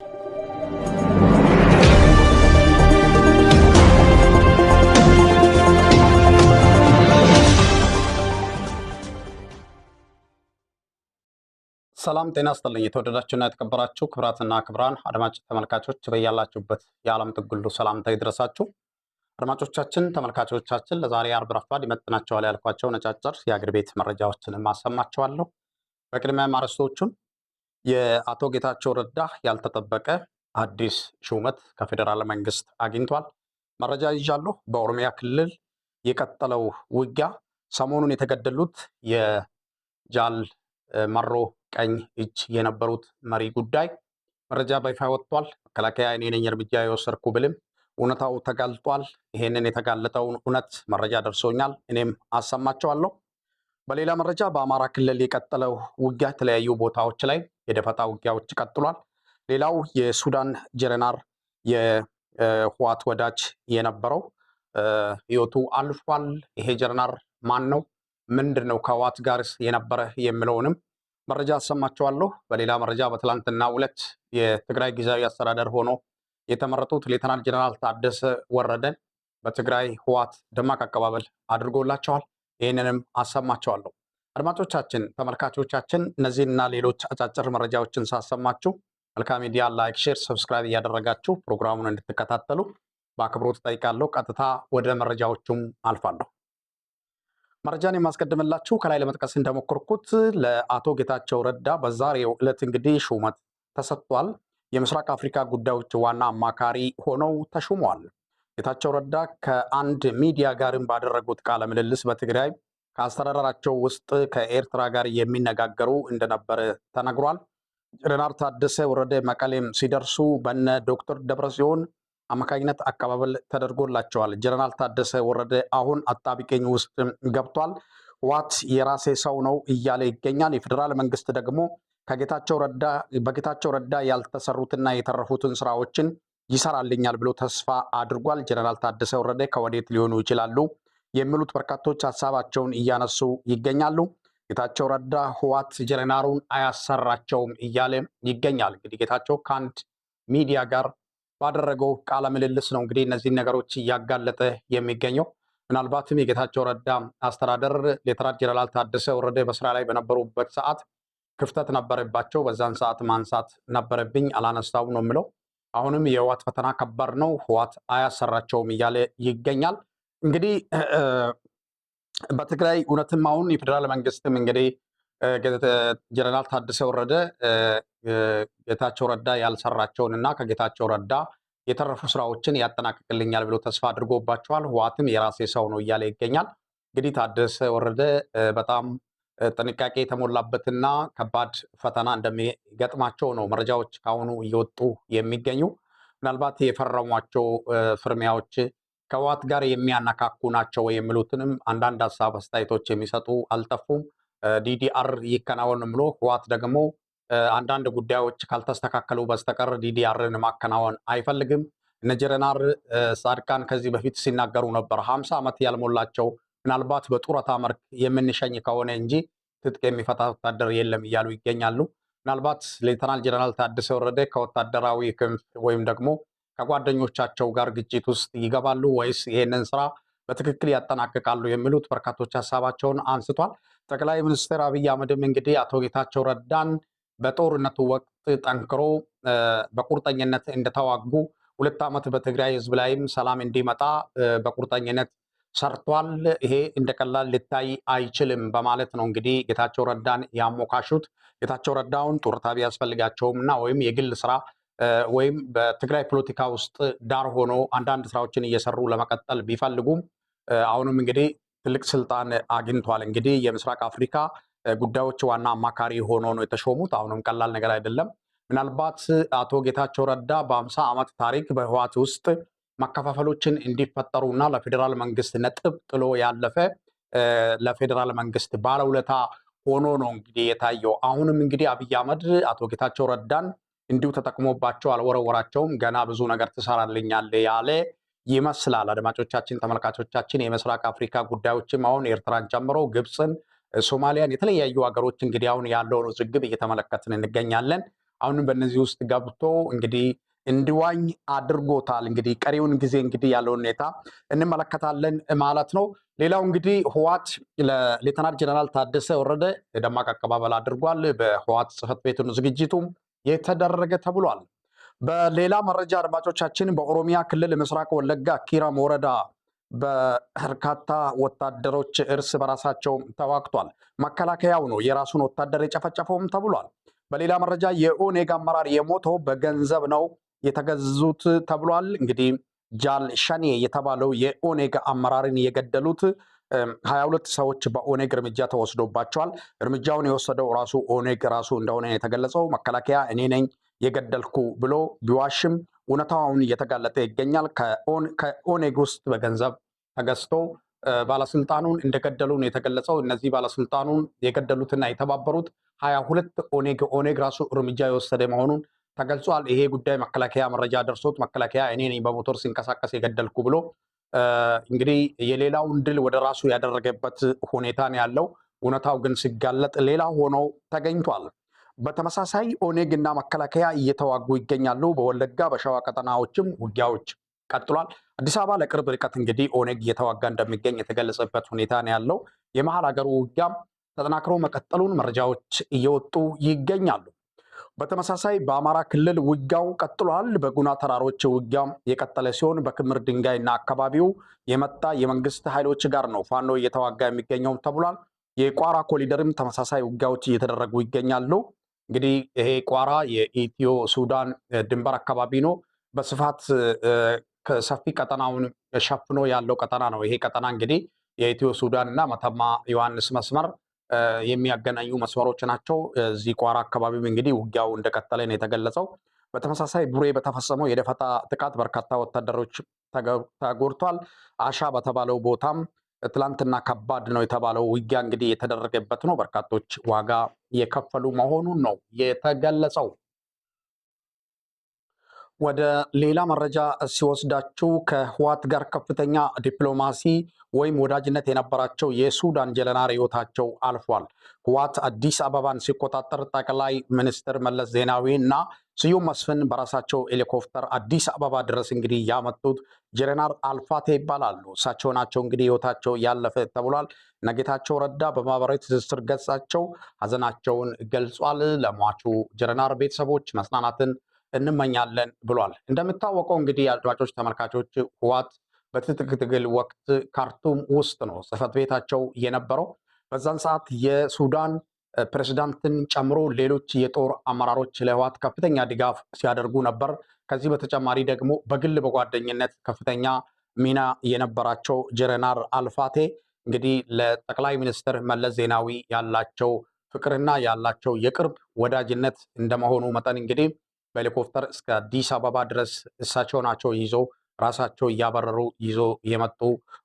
ሰላም ጤና ስጥልኝ። የተወደዳችሁና የተከበራችሁ ክብራትና ክብራን አድማጭ ተመልካቾች በያላችሁበት የዓለም ጥግ ሰላምታ ይድረሳችሁ። አድማጮቻችን፣ ተመልካቾቻችን ለዛሬ አርብ ረፋድ ይመጥናቸዋል ያልኳቸው ነጫጭር የአገር ቤት መረጃዎችን ማሰማችኋለሁ። በቅድሚያ አርዕስቶቹን የአቶ ጌታቸው ረዳ ያልተጠበቀ አዲስ ሹመት ከፌዴራል መንግስት አግኝቷል። መረጃ ይዣለሁ። በኦሮሚያ ክልል የቀጠለው ውጊያ ሰሞኑን የተገደሉት የጃል መሮ ቀኝ እጅ የነበሩት መሪ ጉዳይ መረጃ በይፋ ወጥቷል። መከላከያ እኔ ነኝ እርምጃ የወሰድኩ ብልም እውነታው ተጋልጧል። ይሄንን የተጋለጠውን እውነት መረጃ ደርሶኛል፣ እኔም አሰማቸዋለሁ። በሌላ መረጃ በአማራ ክልል የቀጠለው ውጊያ የተለያዩ ቦታዎች ላይ የደፈጣ ውጊያዎች ቀጥሏል። ሌላው የሱዳን ጀነራል የህዋት ወዳጅ የነበረው ህይወቱ አልፏል። ይሄ ጀነራል ማን ነው? ምንድን ነው? ከህዋት ጋር የነበረ የሚለውንም መረጃ አሰማችኋለሁ። በሌላ መረጃ በትላንትና ሁለት የትግራይ ጊዜያዊ አስተዳደር ሆኖ የተመረጡት ሌተናል ጀነራል ታደሰ ወረደን በትግራይ ህዋት ደማቅ አቀባበል አድርጎላቸዋል። ይህንንም አሰማቸዋለሁ። አድማጮቻችን፣ ተመልካቾቻችን እነዚህና ሌሎች አጫጭር መረጃዎችን ሳሰማችሁ መልካም ሚዲያ ላይክ፣ ሼር፣ ሰብስክራይብ እያደረጋችሁ ፕሮግራሙን እንድትከታተሉ በአክብሮት ጠይቃለሁ። ቀጥታ ወደ መረጃዎቹም አልፋለሁ። መረጃን የማስቀድምላችሁ ከላይ ለመጥቀስ እንደሞከርኩት ለአቶ ጌታቸው ረዳ በዛሬው ዕለት እንግዲህ ሹመት ተሰጥቷል። የምስራቅ አፍሪካ ጉዳዮች ዋና አማካሪ ሆነው ተሹመዋል። ጌታቸው ረዳ ከአንድ ሚዲያ ጋርም ባደረጉት ቃለ ምልልስ በትግራይ ከአስተዳደራቸው ውስጥ ከኤርትራ ጋር የሚነጋገሩ እንደነበረ ተነግሯል። ጀነራል ታደሰ ወረደ መቀሌም ሲደርሱ በነ ዶክተር ደብረጽዮን አማካኝነት አቀባበል ተደርጎላቸዋል። ጀነራል ታደሰ ወረደ አሁን አጣብቂኝ ውስጥ ገብቷል። ዋት የራሴ ሰው ነው እያለ ይገኛል። የፌዴራል መንግስት ደግሞ ከጌታቸው ረዳ በጌታቸው ረዳ ያልተሰሩትና የተረፉትን ስራዎችን ይሰራልኛል ብሎ ተስፋ አድርጓል። ጀነራል ታደሰ ወረደ ከወዴት ሊሆኑ ይችላሉ የሚሉት በርካቶች ሀሳባቸውን እያነሱ ይገኛሉ። ጌታቸው ረዳ ህዋት ጀነራሉን አያሰራቸውም እያለ ይገኛል። እንግዲህ ጌታቸው ከአንድ ሚዲያ ጋር ባደረገው ቃለ ምልልስ ነው እንግዲህ እነዚህን ነገሮች እያጋለጠ የሚገኘው። ምናልባትም የጌታቸው ረዳ አስተዳደር ሌተናል ጀነራል ታደሰ ወረደ በስራ ላይ በነበሩበት ሰዓት ክፍተት ነበረባቸው። በዛን ሰዓት ማንሳት ነበረብኝ አላነሳው ነው የምለው አሁንም የህዋት ፈተና ከባድ ነው፣ ህዋት አያሰራቸውም እያለ ይገኛል። እንግዲህ በትግራይ እውነትም አሁን የፌዴራል መንግስትም እንግዲህ ጀነራል ታደሰ ወረደ ጌታቸው ረዳ ያልሰራቸውን እና ከጌታቸው ረዳ የተረፉ ስራዎችን ያጠናቅቅልኛል ብሎ ተስፋ አድርጎባቸዋል። ህዋትም የራሴ ሰው ነው እያለ ይገኛል። እንግዲህ ታደሰ ወረደ በጣም ጥንቃቄ የተሞላበትና ከባድ ፈተና እንደሚገጥማቸው ነው መረጃዎች ከአሁኑ እየወጡ የሚገኙ። ምናልባት የፈረሟቸው ፍርሚያዎች ከህወሓት ጋር የሚያነካኩ ናቸው የሚሉትንም አንዳንድ ሀሳብ አስተያየቶች የሚሰጡ አልጠፉም። ዲዲአር ይከናወን ብሎ ህወሓት ደግሞ አንዳንድ ጉዳዮች ካልተስተካከሉ በስተቀር ዲዲአርን ማከናወን አይፈልግም። እነ ጀነራል ጻድቃን ከዚህ በፊት ሲናገሩ ነበር። ሀምሳ ዓመት ያልሞላቸው ምናልባት በጡረታ መልክ የምንሸኝ ከሆነ እንጂ ትጥቅ የሚፈታ ወታደር የለም እያሉ ይገኛሉ። ምናልባት ሌተናል ጀነራል ታደሰ ወረደ ከወታደራዊ ክንፍ ወይም ደግሞ ከጓደኞቻቸው ጋር ግጭት ውስጥ ይገባሉ ወይስ ይሄንን ስራ በትክክል ያጠናቅቃሉ የሚሉት በርካቶች ሀሳባቸውን አንስቷል። ጠቅላይ ሚኒስትር አብይ አህመድም እንግዲህ አቶ ጌታቸው ረዳን በጦርነቱ ወቅት ጠንክሮ በቁርጠኝነት እንደተዋጉ ሁለት ዓመት በትግራይ ህዝብ ላይም ሰላም እንዲመጣ በቁርጠኝነት ሰርቷል። ይሄ እንደ ቀላል ሊታይ አይችልም በማለት ነው እንግዲህ ጌታቸው ረዳን ያሞካሹት። ጌታቸው ረዳውን ጡረታ ቢያስፈልጋቸውም እና ወይም የግል ስራ ወይም በትግራይ ፖለቲካ ውስጥ ዳር ሆኖ አንዳንድ ስራዎችን እየሰሩ ለመቀጠል ቢፈልጉም አሁንም እንግዲህ ትልቅ ስልጣን አግኝቷል። እንግዲህ የምስራቅ አፍሪካ ጉዳዮች ዋና አማካሪ ሆኖ ነው የተሾሙት። አሁንም ቀላል ነገር አይደለም። ምናልባት አቶ ጌታቸው ረዳ በአምሳ ዓመት ታሪክ በህወሓት ውስጥ መከፋፈሎችን እና ለፌዴራል መንግስት ነጥብ ጥሎ ያለፈ ለፌዴራል መንግስት ባለውለታ ሆኖ ነው እንግዲህ የታየው። አሁንም እንግዲህ አብይ አህመድ አቶ ጌታቸው ረዳን እንዲሁ ተጠቅሞባቸው አልወረወራቸውም። ገና ብዙ ነገር ትሰራልኛል ያለ ይመስላል። አድማጮቻችን፣ ተመልካቾቻችን የምስራቅ አፍሪካ ጉዳዮችም አሁን ኤርትራን ጨምሮ ግብፅን፣ ሶማሊያን የተለያዩ ሀገሮች እንግዲህ አሁን ያለውን ውዝግብ እየተመለከትን እንገኛለን። አሁንም በእነዚህ ውስጥ ገብቶ እንግዲህ እንዲዋኝ አድርጎታል። እንግዲህ ቀሪውን ጊዜ እንግዲህ ያለው ሁኔታ እንመለከታለን ማለት ነው። ሌላው እንግዲህ ህዋት ለሌተናል ጀነራል ታደሰ ወረደ ደማቅ አቀባበል አድርጓል። በህዋት ጽህፈት ቤት ዝግጅቱ የተደረገ ተብሏል። በሌላ መረጃ አድማጮቻችን፣ በኦሮሚያ ክልል ምስራቅ ወለጋ ኪረም ወረዳ በርካታ ወታደሮች እርስ በራሳቸው ተዋግቷል። መከላከያው ነው የራሱን ወታደር የጨፈጨፈውም ተብሏል። በሌላ መረጃ የኦኔግ አመራር የሞተው በገንዘብ ነው የተገዙት ተብሏል። እንግዲህ ጃል ሸኔ የተባለው የኦኔግ አመራርን የገደሉት ሀያ ሁለት ሰዎች በኦኔግ እርምጃ ተወስዶባቸዋል። እርምጃውን የወሰደው ራሱ ኦኔግ ራሱ እንደሆነ የተገለጸው መከላከያ እኔ ነኝ የገደልኩ ብሎ ቢዋሽም እውነታውን እየተጋለጠ ይገኛል። ከኦኔግ ውስጥ በገንዘብ ተገዝቶ ባለስልጣኑን እንደገደሉን የተገለጸው እነዚህ ባለስልጣኑን የገደሉትና የተባበሩት ሀያ ሁለት ኦኔግ ኦኔግ ራሱ እርምጃ የወሰደ መሆኑን ተገልጿል። ይሄ ጉዳይ መከላከያ መረጃ ደርሶት መከላከያ እኔ ነኝ በሞተር ሲንቀሳቀስ የገደልኩ ብሎ እንግዲህ የሌላውን ድል ወደ ራሱ ያደረገበት ሁኔታ ነው ያለው። እውነታው ግን ሲጋለጥ ሌላ ሆኖ ተገኝቷል። በተመሳሳይ ኦኔግ እና መከላከያ እየተዋጉ ይገኛሉ። በወለጋ በሸዋ ቀጠናዎችም ውጊያዎች ቀጥሏል። አዲስ አበባ ለቅርብ ርቀት እንግዲህ ኦኔግ እየተዋጋ እንደሚገኝ የተገለጸበት ሁኔታ ነው ያለው። የመሀል ሀገሩ ውጊያም ተጠናክሮ መቀጠሉን መረጃዎች እየወጡ ይገኛሉ። በተመሳሳይ በአማራ ክልል ውጊያው ቀጥሏል። በጉና ተራሮች ውጊያ የቀጠለ ሲሆን በክምር ድንጋይና አካባቢው የመጣ የመንግስት ኃይሎች ጋር ነው ፋኖ እየተዋጋ የሚገኘውም ተብሏል። የቋራ ኮሊደርም ተመሳሳይ ውጊያዎች እየተደረጉ ይገኛሉ። እንግዲህ ይሄ ቋራ የኢትዮ ሱዳን ድንበር አካባቢ ነው። በስፋት ሰፊ ቀጠናውን ሸፍኖ ያለው ቀጠና ነው። ይሄ ቀጠና እንግዲህ የኢትዮ ሱዳን እና መተማ ዮሐንስ መስመር የሚያገናኙ መስመሮች ናቸው። እዚህ ቋራ አካባቢም እንግዲህ ውጊያው እንደቀጠለ ነው የተገለጸው። በተመሳሳይ ቡሬ በተፈጸመው የደፈጣ ጥቃት በርካታ ወታደሮች ተጎድቷል። አሻ በተባለው ቦታም ትላንትና ከባድ ነው የተባለው ውጊያ እንግዲህ የተደረገበት ነው። በርካቶች ዋጋ የከፈሉ መሆኑን ነው የተገለጸው። ወደ ሌላ መረጃ ሲወስዳችሁ ከህዋት ጋር ከፍተኛ ዲፕሎማሲ ወይም ወዳጅነት የነበራቸው የሱዳን ጀነራል ህይወታቸው አልፏል። ህዋት አዲስ አበባን ሲቆጣጠር ጠቅላይ ሚኒስትር መለስ ዜናዊ እና ስዩም መስፍን በራሳቸው ሄሊኮፕተር አዲስ አበባ ድረስ እንግዲህ ያመጡት ጀነራል አልፋቴ ይባላሉ። እሳቸው ናቸው እንግዲህ ህይወታቸው ያለፈ ተብሏል። ነጌታቸው ረዳ በማህበራዊ ትስስር ገጻቸው ሀዘናቸውን ገልጿል። ለሟቹ ጀነራል ቤተሰቦች መጽናናትን እንመኛለን ብሏል። እንደሚታወቀው እንግዲህ አድማጮች፣ ተመልካቾች ዋት በትጥቅ ትግል ወቅት ካርቱም ውስጥ ነው ጽህፈት ቤታቸው የነበረው። በዛን ሰዓት የሱዳን ፕሬዚዳንትን ጨምሮ ሌሎች የጦር አመራሮች ለህዋት ከፍተኛ ድጋፍ ሲያደርጉ ነበር። ከዚህ በተጨማሪ ደግሞ በግል በጓደኝነት ከፍተኛ ሚና የነበራቸው ጀረናር አልፋቴ እንግዲህ ለጠቅላይ ሚኒስትር መለስ ዜናዊ ያላቸው ፍቅርና ያላቸው የቅርብ ወዳጅነት እንደመሆኑ መጠን እንግዲህ በሄሊኮፕተር እስከ አዲስ አበባ ድረስ እሳቸው ናቸው ይዞ ራሳቸው እያበረሩ ይዞ የመጡ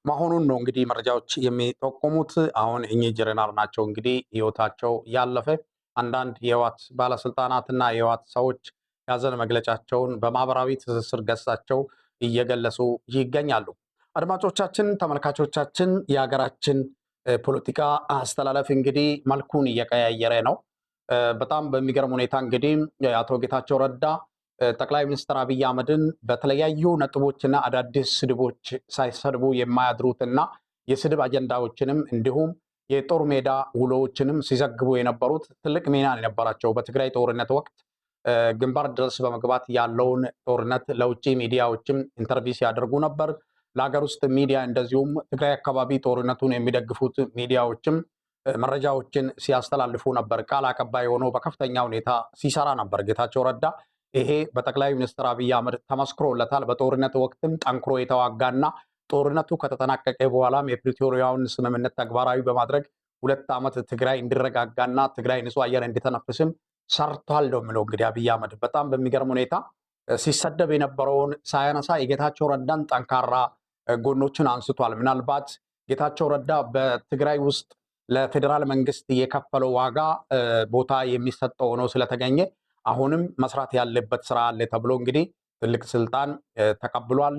መሆኑን ነው እንግዲህ መረጃዎች የሚጠቁሙት። አሁን እኚህ ጀነራል ናቸው እንግዲህ ህይወታቸው ያለፈ። አንዳንድ የህወሓት ባለስልጣናትና የህወሓት ሰዎች ያዘን መግለጫቸውን በማህበራዊ ትስስር ገጻቸው እየገለጹ ይገኛሉ። አድማጮቻችን፣ ተመልካቾቻችን የሀገራችን ፖለቲካ አስተላለፍ እንግዲህ መልኩን እየቀያየረ ነው። በጣም በሚገርም ሁኔታ እንግዲህ አቶ ጌታቸው ረዳ ጠቅላይ ሚኒስትር አብይ አህመድን በተለያዩ ነጥቦችና አዳዲስ ስድቦች ሳይሰድቡ የማያድሩትና የስድብ አጀንዳዎችንም እንዲሁም የጦር ሜዳ ውሎዎችንም ሲዘግቡ የነበሩት ትልቅ ሚና የነበራቸው በትግራይ ጦርነት ወቅት ግንባር ድረስ በመግባት ያለውን ጦርነት ለውጭ ሚዲያዎችም ኢንተርቪው ሲያደርጉ ነበር። ለሀገር ውስጥ ሚዲያ እንደዚሁም ትግራይ አካባቢ ጦርነቱን የሚደግፉት ሚዲያዎችም መረጃዎችን ሲያስተላልፉ ነበር። ቃል አቀባይ ሆኖ በከፍተኛ ሁኔታ ሲሰራ ነበር ጌታቸው ረዳ። ይሄ በጠቅላይ ሚኒስትር አብይ አህመድ ተመስክሮለታል። በጦርነት ወቅትም ጠንክሮ የተዋጋና ጦርነቱ ከተጠናቀቀ በኋላም የፕሪቶሪያውን ስምምነት ተግባራዊ በማድረግ ሁለት ዓመት ትግራይ እንዲረጋጋና ትግራይ ንጹህ አየር እንዲተነፍስም ሰርቷል ነው የሚለው እንግዲህ አብይ አህመድ። በጣም በሚገርም ሁኔታ ሲሰደብ የነበረውን ሳያነሳ የጌታቸው ረዳን ጠንካራ ጎኖችን አንስቷል። ምናልባት ጌታቸው ረዳ በትግራይ ውስጥ ለፌዴራል መንግስት የከፈለው ዋጋ ቦታ የሚሰጠው ነው ስለተገኘ አሁንም መስራት ያለበት ስራ አለ ተብሎ እንግዲህ ትልቅ ስልጣን ተቀብሏል።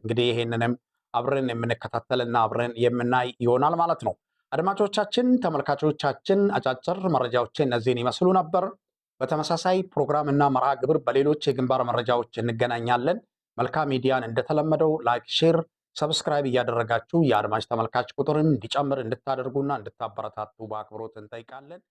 እንግዲህ ይሄንንም አብረን የምንከታተልና አብረን የምናይ ይሆናል ማለት ነው። አድማጮቻችን፣ ተመልካቾቻችን አጫጭር መረጃዎች እነዚህን ይመስሉ ነበር። በተመሳሳይ ፕሮግራም እና መርሃ ግብር በሌሎች የግንባር መረጃዎች እንገናኛለን። መልካም ሚዲያን እንደተለመደው ላይክ፣ ሼር ሰብስክራይብ እያደረጋችሁ የአድማጭ ተመልካች ቁጥርን እንዲጨምር እንድታደርጉና እንድታበረታቱ በአክብሮት እንጠይቃለን።